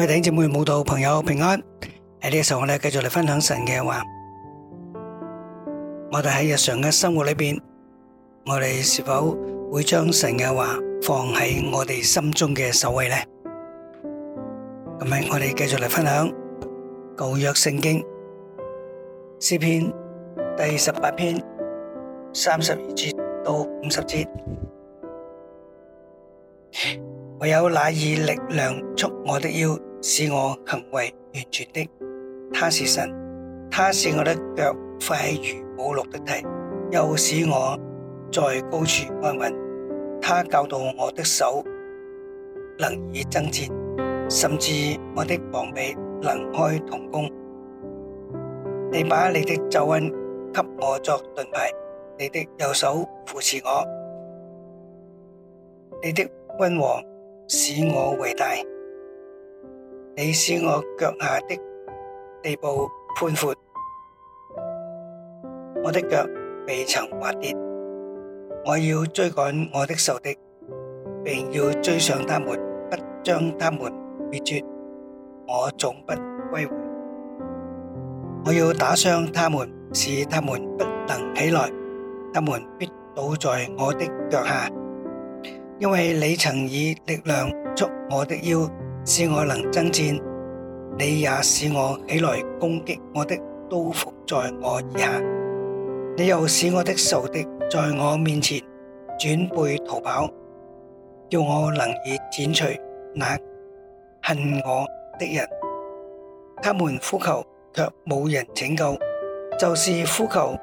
各位弟兄姊妹、慕道朋友平安。喺呢個時候咧，我哋繼續嚟分享神嘅話。我哋喺日常嘅生活裏邊，我哋是否會將神嘅話放喺我哋心中嘅首位呢？咁樣，我哋繼續嚟分享舊約聖經詩篇第十八篇三十二節到五十節。唯有那以力量束我的腰，使我行為完全的，他是神。他使我的腳快如母鹿的蹄，又使我，在高處安穩。他教導我的手，能以爭戰，甚至我的膀臂能開銅弓。你把你的救恩給我作盾牌，你的右手扶持我，你的溫和使我為大。你使我腳下的地步寬闊，我的腳未曾滑跌。我要追趕我的仇敵，並要追上他們，不將他們滅絕，我總不歸回。我要打傷他們，使他們不能起來，他們必倒在我的腳下，因為你曾以力量捉我的腰。使我能爭戰，你也使我起來攻擊；我的刀鋒在我以下，你又使我的仇敵在我面前轉背逃跑，叫我能以剪除那恨我的人。他們呼求，却無人拯救；就是呼求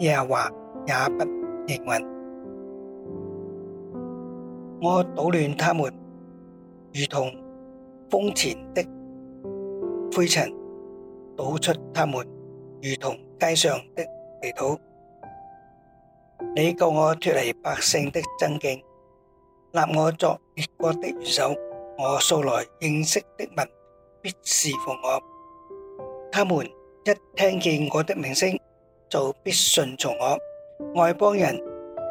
耶和華，也不應允。我搗亂他們，如同。風前的灰塵，倒出他們，如同街上的泥土。你救我脫離百姓的真敬，立我作列國的元首。我素來認識的民，必侍奉我。他們一聽見我的名聲，就必順從我。外邦人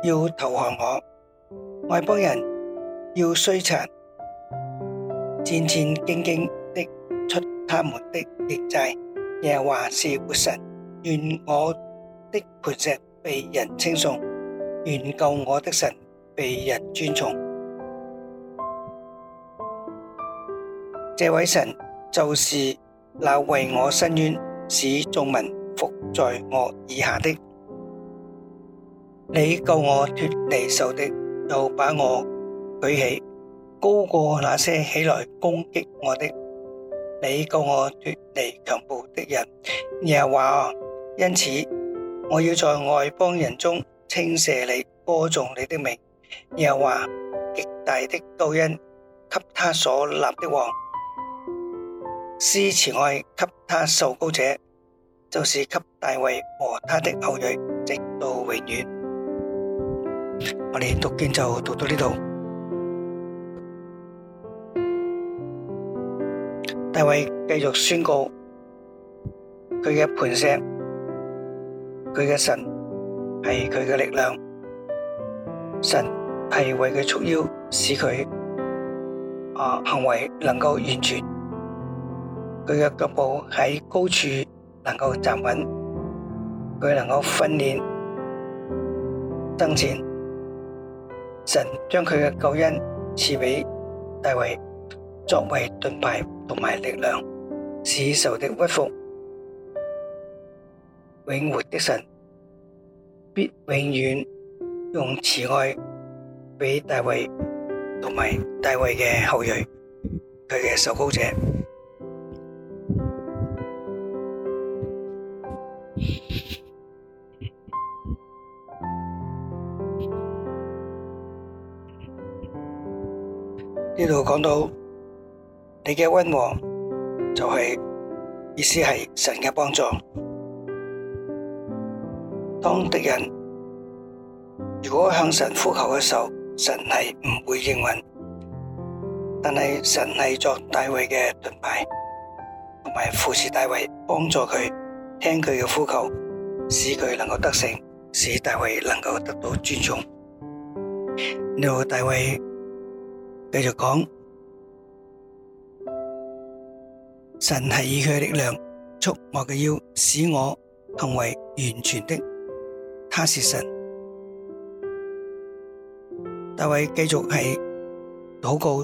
要投降我，外邦人要衰殘。戰戰兢兢的出他們的營寨，耶和華是活神，願我的磐石被人稱頌，願救我的神被人尊崇。這位神就是那為我申冤、使眾民服在我以下的，你救我脫離仇敵，又把我舉起。高過那些起來攻擊我的，你救我脫離強暴的人。又話因此我要在外邦人中稱謝你，歌頌你的名。又話極大的救恩給他所立的王，施慈愛給他受膏者，就是給大衛和他的後裔，直到永遠。我哋讀經就讀到呢度。大衛繼續宣告：佢嘅磐石，佢嘅神係佢嘅力量，神係為佢束腰，使佢啊行為能夠完全，佢嘅腳步喺高處能夠站穩，佢能夠訓練爭戰，神將佢嘅救恩賜俾大衛。作為盾牌同埋力量，使仇敵屈服。永活的神必永遠用慈愛畀大衛同埋大衛嘅後裔，佢嘅受膏者。呢度講到。你嘅溫和就係意思係神嘅幫助。當敵人如果向神呼求嘅時候，神係唔會應允，但係神係作大衛嘅盾牌，同埋扶持大衛，幫助佢聽佢嘅呼求，使佢能夠得勝，使大衛能夠得到尊重。呢個大衛繼續講。神係以佢嘅力量束我嘅腰，使我行為完全的。他是神，大衛繼續係禱告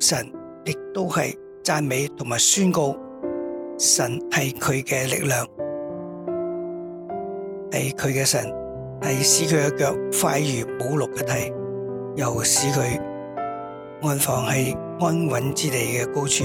神，亦都係讚美同埋宣告神係佢嘅力量，係佢嘅神，係使佢嘅腳快如母鹿嘅蹄，又使佢安放喺安穩之地嘅高處。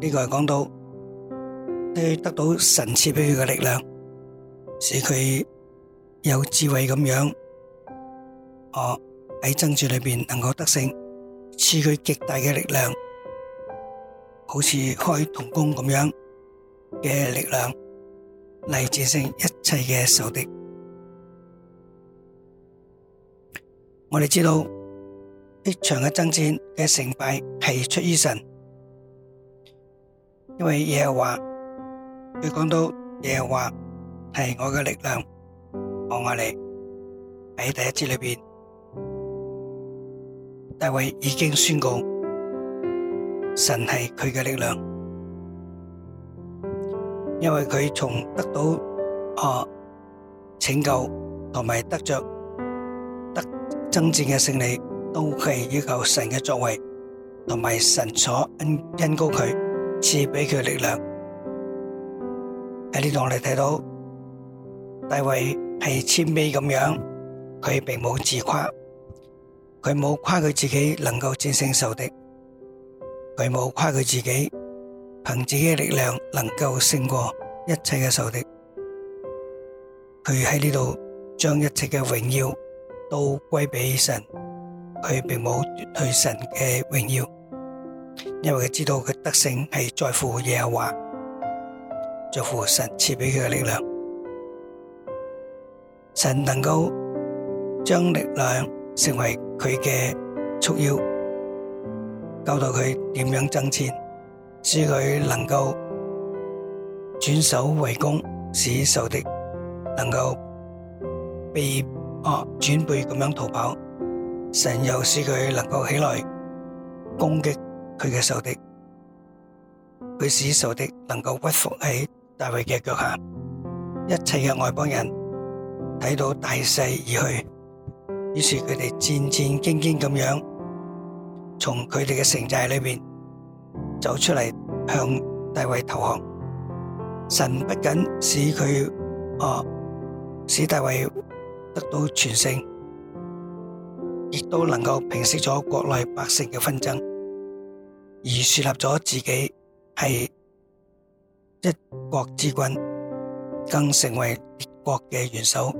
呢、這個係講到佢得到神賜俾佢嘅力量，使佢有智慧咁樣，哦喺爭戰裏邊能夠得勝，賜佢極大嘅力量，好似開銅弓咁樣嘅力量，嚟戰勝一切嘅仇敵。我哋知道一場嘅爭戰嘅成敗係出於神。因為耶和華，佢講到耶和華係我嘅力量，我愛嚟，喺第一節裏邊，大衛已經宣告神係佢嘅力量，因為佢從得到啊拯救，同埋得着得征戰嘅勝利，都係依靠神嘅作為，同埋神所恩恩膏佢。賜俾佢力量，喺呢度我哋睇到大衛係謙卑咁樣，佢並冇自誇，佢冇誇佢自己能夠戰勝仇敵，佢冇誇佢自己憑自己嘅力量能夠勝過一切嘅仇敵，佢喺呢度將一切嘅榮耀都歸俾神，佢並冇奪去神嘅榮耀。因為佢知道佢得勝係在乎耶和華，在乎神賜俾佢嘅力量。神能夠將力量成為佢嘅束腰，教導佢點樣爭戰，使佢能夠轉守為攻，使仇敵能夠被迫轉背咁樣逃跑。神又使佢能夠起來攻擊。佢嘅仇敵，佢使仇敵能夠屈服喺大衛嘅腳下，一切嘅外邦人睇到大勢而去，於是佢哋戰戰兢兢咁樣從佢哋嘅城寨裏邊走出嚟，向大衛投降。神不僅使佢啊，使大衛得到全勝，亦都能夠平息咗國內百姓嘅紛爭。而設立咗自己係一國之君，更成為一國嘅元首。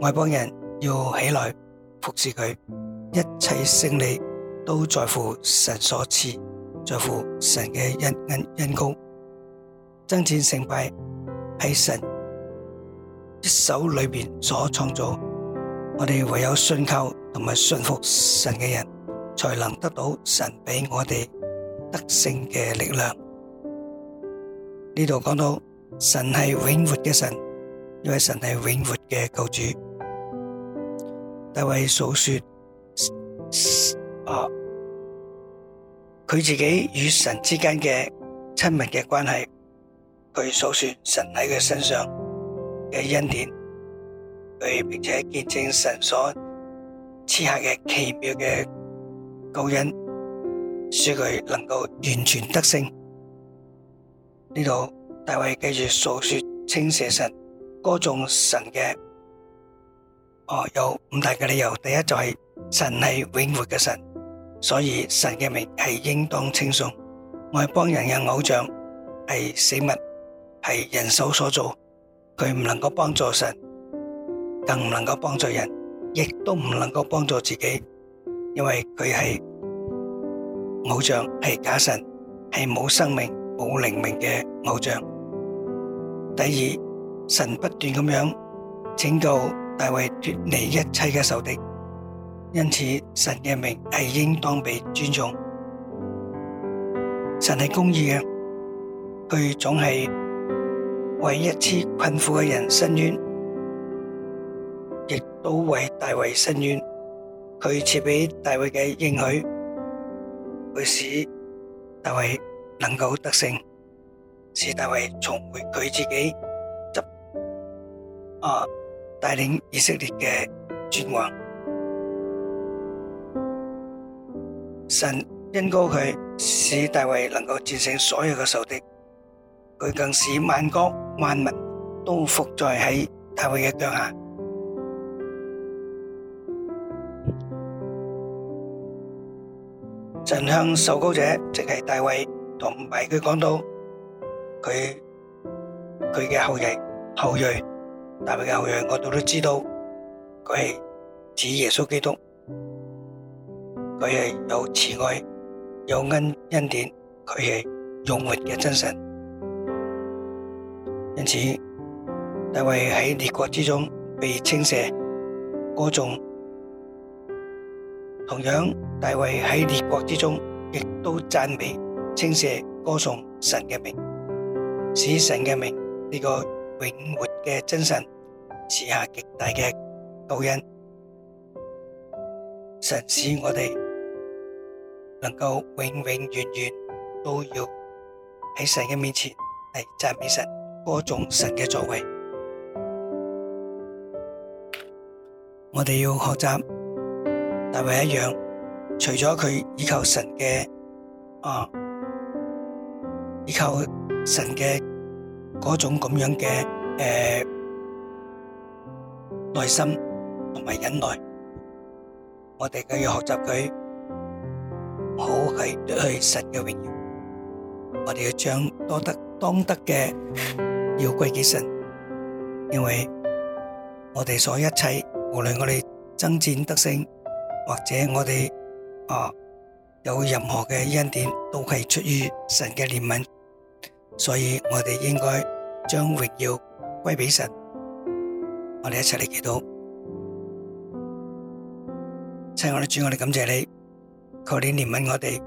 外邦人要起來服侍佢，一切勝利都在乎神所賜，在乎神嘅恩恩恩公。爭戰成敗喺神一手裏邊所創造。我哋唯有信靠同埋信服神嘅人，才能得到神畀我哋德性嘅力量，呢度講到神係永活嘅神，因為神係永活嘅救主。大衛數說啊，佢自己與神之間嘅親密嘅關係，佢數說神喺佢身上嘅恩典，佢並且見證神所賜下嘅奇妙嘅救恩。說佢能夠完全得勝。呢度大衛繼續訴說稱謝神，歌頌神嘅，哦，有五大嘅理由。第一就係神係永活嘅神，所以神嘅名係應當稱頌。外邦人嘅偶像係死物，係人手所做，佢唔能夠幫助神，更唔能夠幫助人，亦都唔能夠幫助自己，因為佢係。偶像係假神，係冇生命、冇靈命嘅偶像。第二，神不斷咁樣拯救大衛脫離一切嘅仇敵，因此神嘅名係應當被尊重。神係公義嘅，佢總係為一啲困苦嘅人伸冤，亦都為大衛伸冤。佢賜俾大衛嘅應許。佢使大衛能夠得勝，使大衛重回佢自己執啊帶領以色列嘅君王。神恩膏佢，使大衛能夠戰勝所有嘅仇敵，佢更使萬國萬民都伏在喺大衛嘅腳下。神向受膏者，即係大衛，同埋佢講到佢，佢嘅後裔後裔，大衛嘅後裔，我哋都知道佢係指耶穌基督，佢係有慈愛有恩恩典，佢係永活嘅真神。因此，大衛喺列國之中被稱謝歌頌，同樣。大衛喺列國之中，亦都讚美、稱謝、歌頌神嘅名，使神嘅名呢、這個永活嘅真神賜下極大嘅導引，神使我哋能夠永永遠遠都要喺神嘅面前嚟讚美神、歌頌神嘅作為。我哋要學習大衛一樣。除咗佢依靠神嘅，啊，依靠神嘅嗰種咁樣嘅誒，耐心同埋忍耐，我哋更要學習佢，唔好係奪去神嘅榮耀。我哋要將多得當得嘅要歸給神，因為我哋所一切，無論我哋爭戰得勝，或者我哋。啊！有任何嘅恩典都係出於神嘅憐憫，所以我哋應該將榮耀歸畀神。我哋一齊嚟祈禱，親愛的主，我哋感謝你，求你憐憫我哋，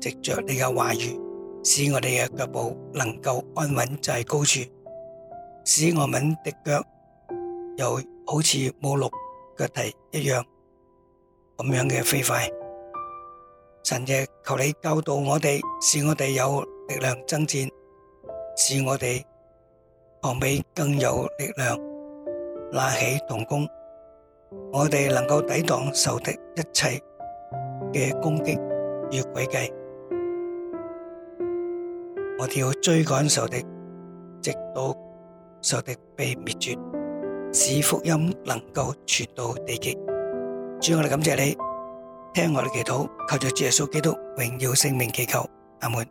藉着你嘅話語，使我哋嘅腳步能夠安穩在高處，使我哋的腳又好似母鹿腳蹄一樣咁樣嘅飛快。神啊，求你教導我哋，使我哋有力量爭戰，使我哋膀臂更有力量拉起銅弓，我哋能夠抵擋仇敵一切嘅攻擊與詭計，我哋要追趕仇敵，直到仇敵被滅絕，使福音能夠傳到地極。主，我哋感謝你。聽我的祈禱，靠着耶穌基督榮耀聖名祈求，阿門。